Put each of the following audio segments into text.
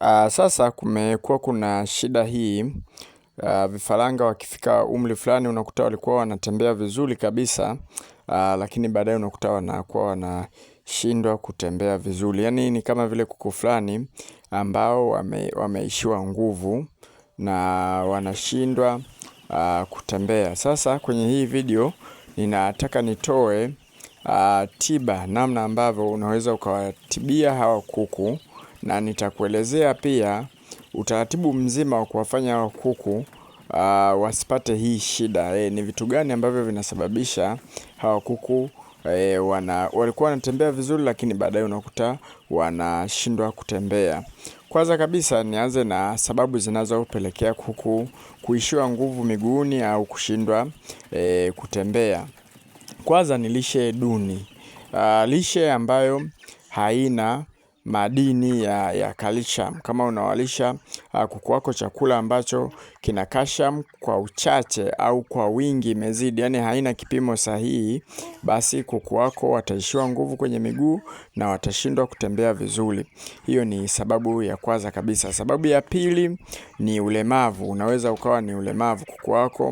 Uh, sasa kumekuwa kuna shida hii uh, vifaranga wakifika umri fulani unakuta walikuwa wanatembea vizuri kabisa uh, lakini baadaye unakuta wanakuwa wanashindwa kutembea vizuri. Yaani ni kama vile kuku fulani ambao wame, wameishiwa nguvu na wanashindwa uh, kutembea. Sasa kwenye hii video ninataka nitoe uh, tiba, namna ambavyo unaweza ukawatibia hawa kuku na nitakuelezea pia utaratibu mzima wa kuwafanya kuku uh, wasipate hii shida. E, ni vitu gani ambavyo vinasababisha hawa kuku E, wana, walikuwa wanatembea vizuri lakini baadaye unakuta wanashindwa kutembea. Kwanza kabisa nianze na sababu zinazopelekea kuku kuishiwa nguvu miguuni au kushindwa e, kutembea. Kwanza ni lishe duni. A, ah, lishe ambayo haina madini ya, ya calcium. Kama unawalisha ah, kuku wako chakula ambacho kina calcium kwa uchache au kwa wingi imezidi, yani haina kipimo sahihi, basi kuku wako wataishiwa nguvu kwenye miguu na watashindwa kutembea vizuri. Hiyo ni sababu ya kwanza kabisa. Sababu ya pili ni ulemavu. Unaweza ukawa ni ulemavu kuku wako,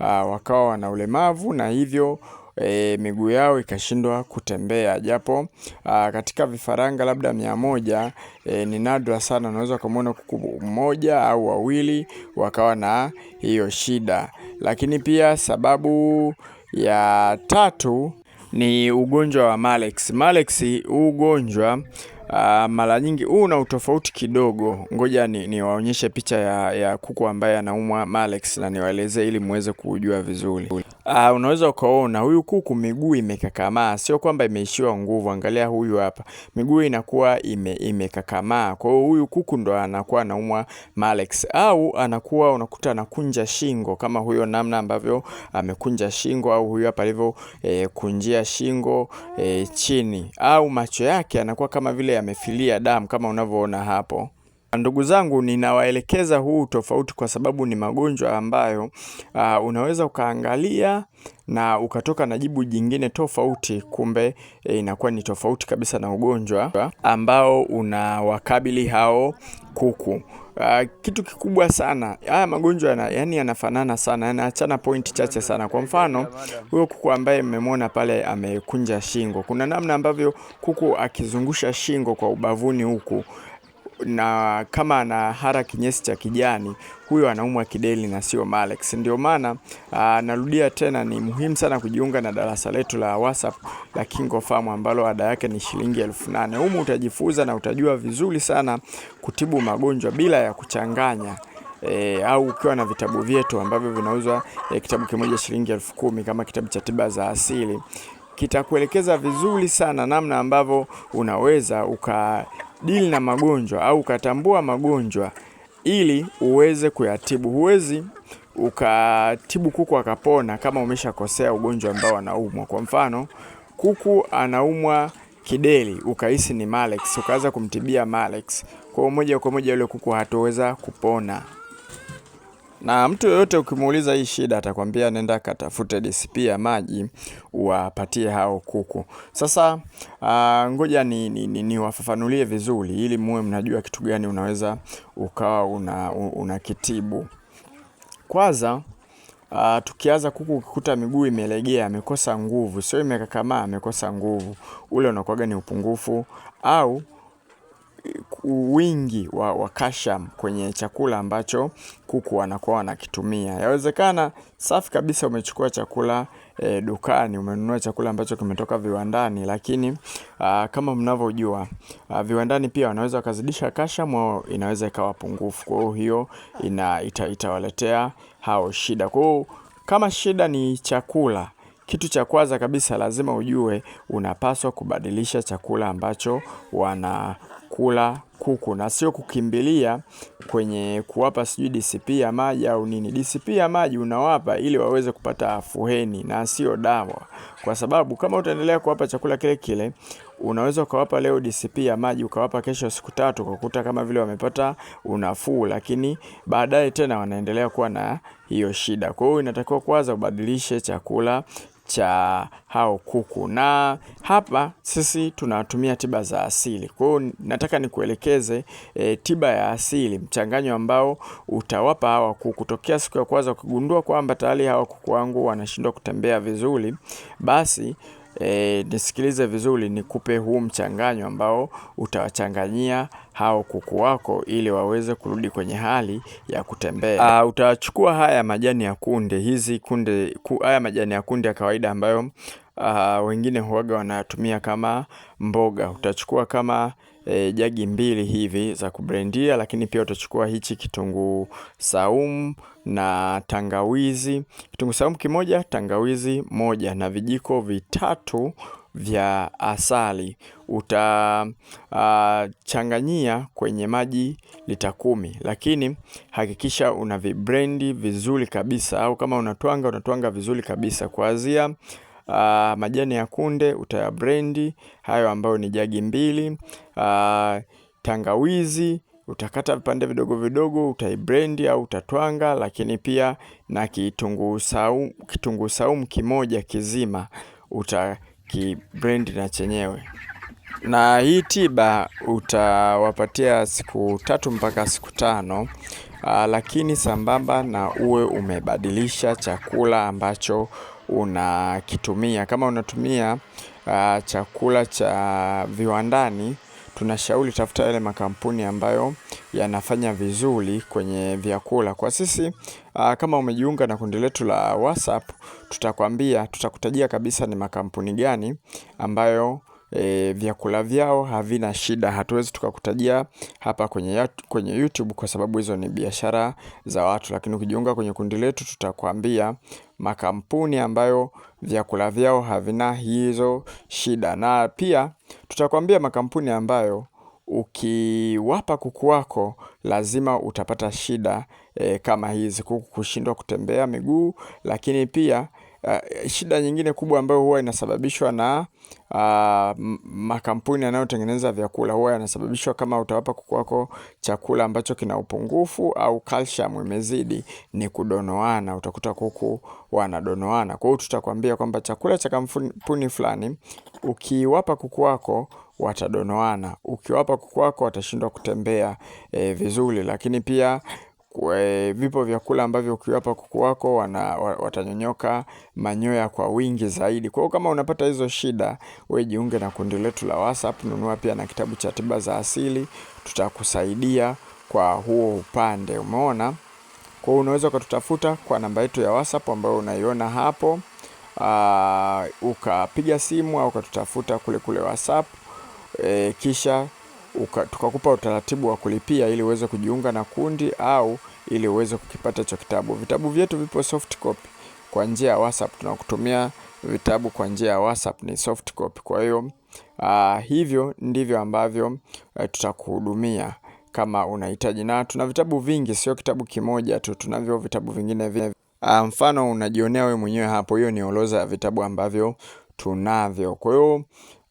uh, wakawa wana ulemavu na hivyo e, miguu yao ikashindwa kutembea, japo a, katika vifaranga labda mia moja e, ni nadra sana unaweza kumwona kuku mmoja au wawili wakawa na hiyo shida. Lakini pia sababu ya tatu ni ugonjwa wa Malex. Malex huu ugonjwa Uh, mara nyingi huu una utofauti kidogo. Ngoja niwaonyeshe ni picha ya, ya kuku ambaye anaumwa Malex na niwaelezee ili muweze kujua vizuri. Uh, unaweza ukaona huyu kuku miguu imekakamaa, sio kwamba imeishiwa nguvu. Angalia huyu hapa, miguu inakuwa ime, imekakamaa. Kwa hiyo huyu kuku ndo anakuwa anaumwa Malex, au anakuwa unakuta anakunja shingo kama huyo, namna ambavyo amekunja shingo, au huyu hapa alivyo eh, kunjia shingo eh, chini, au macho yake anakuwa kama vile yamefilia damu kama unavyoona hapo. Ndugu zangu, ninawaelekeza huu tofauti kwa sababu ni magonjwa ambayo uh, unaweza ukaangalia na ukatoka na jibu jingine tofauti, kumbe e, inakuwa ni tofauti kabisa na ugonjwa ambao unawakabili hao kuku. Uh, kitu kikubwa sana haya magonjwa yana, yani yanafanana sana, yanaachana pointi chache sana. Kwa mfano huyo kuku ambaye mmemwona pale amekunja shingo, kuna namna ambavyo kuku akizungusha shingo kwa ubavuni huku na kama ana hara kinyesi cha kijani huyo anaumwa kideli na sio malex. Ndio maana narudia tena, ni muhimu sana kujiunga na darasa letu la WhatsApp la Kingo Farm ambalo ada yake ni shilingi elfu nane. Humu utajifunza na utajua vizuri sana kutibu magonjwa bila ya kuchanganya. E, au ukiwa na vitabu vyetu ambavyo vinauzwa e, kitabu kimoja shilingi elfu kumi kama kitabu cha tiba za asili kitakuelekeza vizuri sana namna ambavyo unaweza uka dili na magonjwa au ukatambua magonjwa ili uweze kuyatibu. Huwezi ukatibu kuku akapona kama umeshakosea ugonjwa ambao anaumwa. Kwa mfano, kuku anaumwa kideli ukahisi ni malex, ukaanza kumtibia malex, kwa moja kwa moja yule kuku hatoweza kupona na mtu yoyote ukimuuliza hii shida atakwambia nenda katafute DCP ya maji uwapatie hao kuku. Sasa uh, ngoja niwafafanulie ni, ni, ni vizuri ili muwe mnajua kitu gani unaweza ukawa una, kitibu Kwanza Uh, tukianza kuku ukikuta miguu imelegea, amekosa nguvu, sio imekakamaa, amekosa nguvu, ule unakuwaga ni upungufu au wingi wa, wa calcium kwenye chakula ambacho kuku wanakuwa wanakitumia. Yawezekana safi kabisa umechukua chakula e, dukani umenunua chakula ambacho kimetoka viwandani, lakini aa, ah, kama mnavyojua ah, viwandani pia wanaweza wakazidisha calcium au inaweza ikawa pungufu. Kwa hiyo ina ita, itawaletea hao shida. Kwa hiyo kama shida ni chakula kitu cha kwanza kabisa lazima ujue unapaswa kubadilisha chakula ambacho wanakula kuku na sio kukimbilia kwenye kuwapa sijui DCP ya maji au nini. DCP ya maji unawapa ili waweze kupata afuheni na sio dawa, kwa sababu kama utaendelea kuwapa chakula kile kile unaweza ukawapa leo DCP ya maji ukawapa kesho siku tatu, ukakuta kama vile wamepata unafuu, lakini baadaye tena wanaendelea kuwa na hiyo shida. Kwa hiyo inatakiwa kwanza ubadilishe chakula cha hao kuku, na hapa sisi tunatumia tiba za asili. Kwa hiyo nataka nikuelekeze e, tiba ya asili, mchanganyo ambao utawapa hawa kuku tokea siku ya kwanza. Ukigundua kwamba tayari hawa kuku wangu wanashindwa kutembea vizuri, basi e, nisikilize vizuri, nikupe huu mchanganyo ambao utawachanganyia hao kuku wako ili waweze kurudi kwenye hali ya kutembea. Uh, utachukua haya majani ya kunde hizi kunde ku, haya majani ya kunde ya kawaida ambayo uh, wengine huaga wanatumia kama mboga. Utachukua kama e, jagi mbili hivi za kublendia, lakini pia utachukua hichi kitunguu saumu na tangawizi, kitunguu saumu kimoja, tangawizi moja na vijiko vitatu vya asali utachanganyia ah, uh, kwenye maji lita kumi, lakini hakikisha una vibrendi vizuri kabisa, au kama unatwanga unatwanga vizuri kabisa kuanzia uh, majani ya kunde utaya utayabrendi hayo ambayo ni jagi mbili. Uh, tangawizi utakata vipande vidogo vidogo, utaibrendi au utatwanga, lakini pia na kitunguu saumu, kitunguu saumu kimoja kizima utakibrendi na chenyewe na hii tiba utawapatia siku tatu mpaka siku tano. Aa, ah, lakini sambamba na uwe umebadilisha chakula ambacho unakitumia. Kama unatumia ah, chakula cha viwandani, tunashauri tafuta yale makampuni ambayo yanafanya vizuri kwenye vyakula. Kwa sisi ah, kama umejiunga na kundi letu la WhatsApp, tutakwambia, tutakutajia kabisa ni makampuni gani ambayo e, vyakula vyao havina shida. Hatuwezi tukakutajia hapa kwenye, kwenye YouTube kwa sababu hizo ni biashara za watu, lakini ukijiunga kwenye kundi letu tutakwambia makampuni ambayo vyakula vyao havina hizo shida, na pia tutakwambia makampuni ambayo ukiwapa kuku wako lazima utapata shida e, kama hizi kuku kushindwa kutembea miguu, lakini pia uh, shida nyingine kubwa ambayo huwa inasababishwa na uh, makampuni yanayotengeneza vyakula huwa yanasababishwa kama utawapa kuku wako chakula ambacho kina upungufu au calcium imezidi, ni kudonoana. Utakuta kuku wanadonoana. Kwa hiyo tutakwambia kwamba chakula cha kampuni fulani ukiwapa kuku wako watadonoana, ukiwapa kuku wako watashindwa kutembea e, vizuri, lakini pia kwe, eh, vipo vyakula ambavyo ukiwapa kuku wako wana, watanyonyoka manyoya kwa wingi zaidi. Kwa hiyo kama unapata hizo shida, we jiunge na kundi letu la WhatsApp, nunua pia na kitabu cha tiba za asili, tutakusaidia kwa huo upande. Umeona? Kwa hiyo unaweza ukatutafuta kwa namba yetu ya WhatsApp ambayo unaiona hapo. Uh, ukapiga simu au ukatutafuta kule kule WhatsApp. E, kisha tukakupa utaratibu wa kulipia ili uweze kujiunga na kundi au ili uweze kukipata hicho kitabu. Vitabu vyetu vipo soft copy kwa njia ya WhatsApp, tunakutumia vitabu kwa njia ya WhatsApp ni soft copy. Kwa hiyo uh, hivyo ndivyo ambavyo uh, tutakuhudumia kama unahitaji, na tuna vitabu vingi, sio kitabu kimoja tu, tunavyo vitabu vingine vingi. Uh, ah, mfano unajionea wewe mwenyewe hapo, hiyo ni orodha ya vitabu ambavyo tunavyo. Kwa hiyo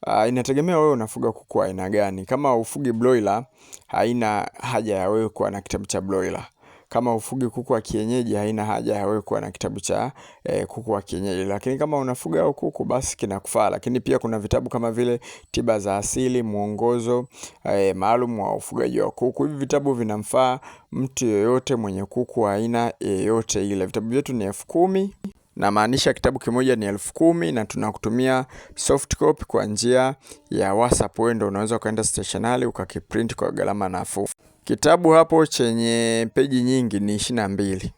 Uh, inategemea wewe unafuga kuku aina gani. Kama ufugi broiler, haina haja ya wewe kuwa na kitabu cha broiler. Kama ufugi kuku wa kienyeji, haina haja ya wewe kuwa na kitabu cha eh, kuku wa kienyeji. Lakini kama unafuga au kuku, basi kinakufaa. Lakini pia kuna vitabu kama vile tiba za asili, mwongozo eh, maalum wa ufugaji wa kuku. Hivi vitabu vinamfaa mtu yeyote mwenye kuku aina yeyote ile. Vitabu vyetu ni elfu kumi namaanisha kitabu kimoja ni elfu kumi na tunakutumia soft copy kwa njia ya WhatsApp. Wewe ndio unaweza ukaenda stationari ukakiprint kwa gharama nafuu. Kitabu hapo chenye peji nyingi ni ishirini na mbili.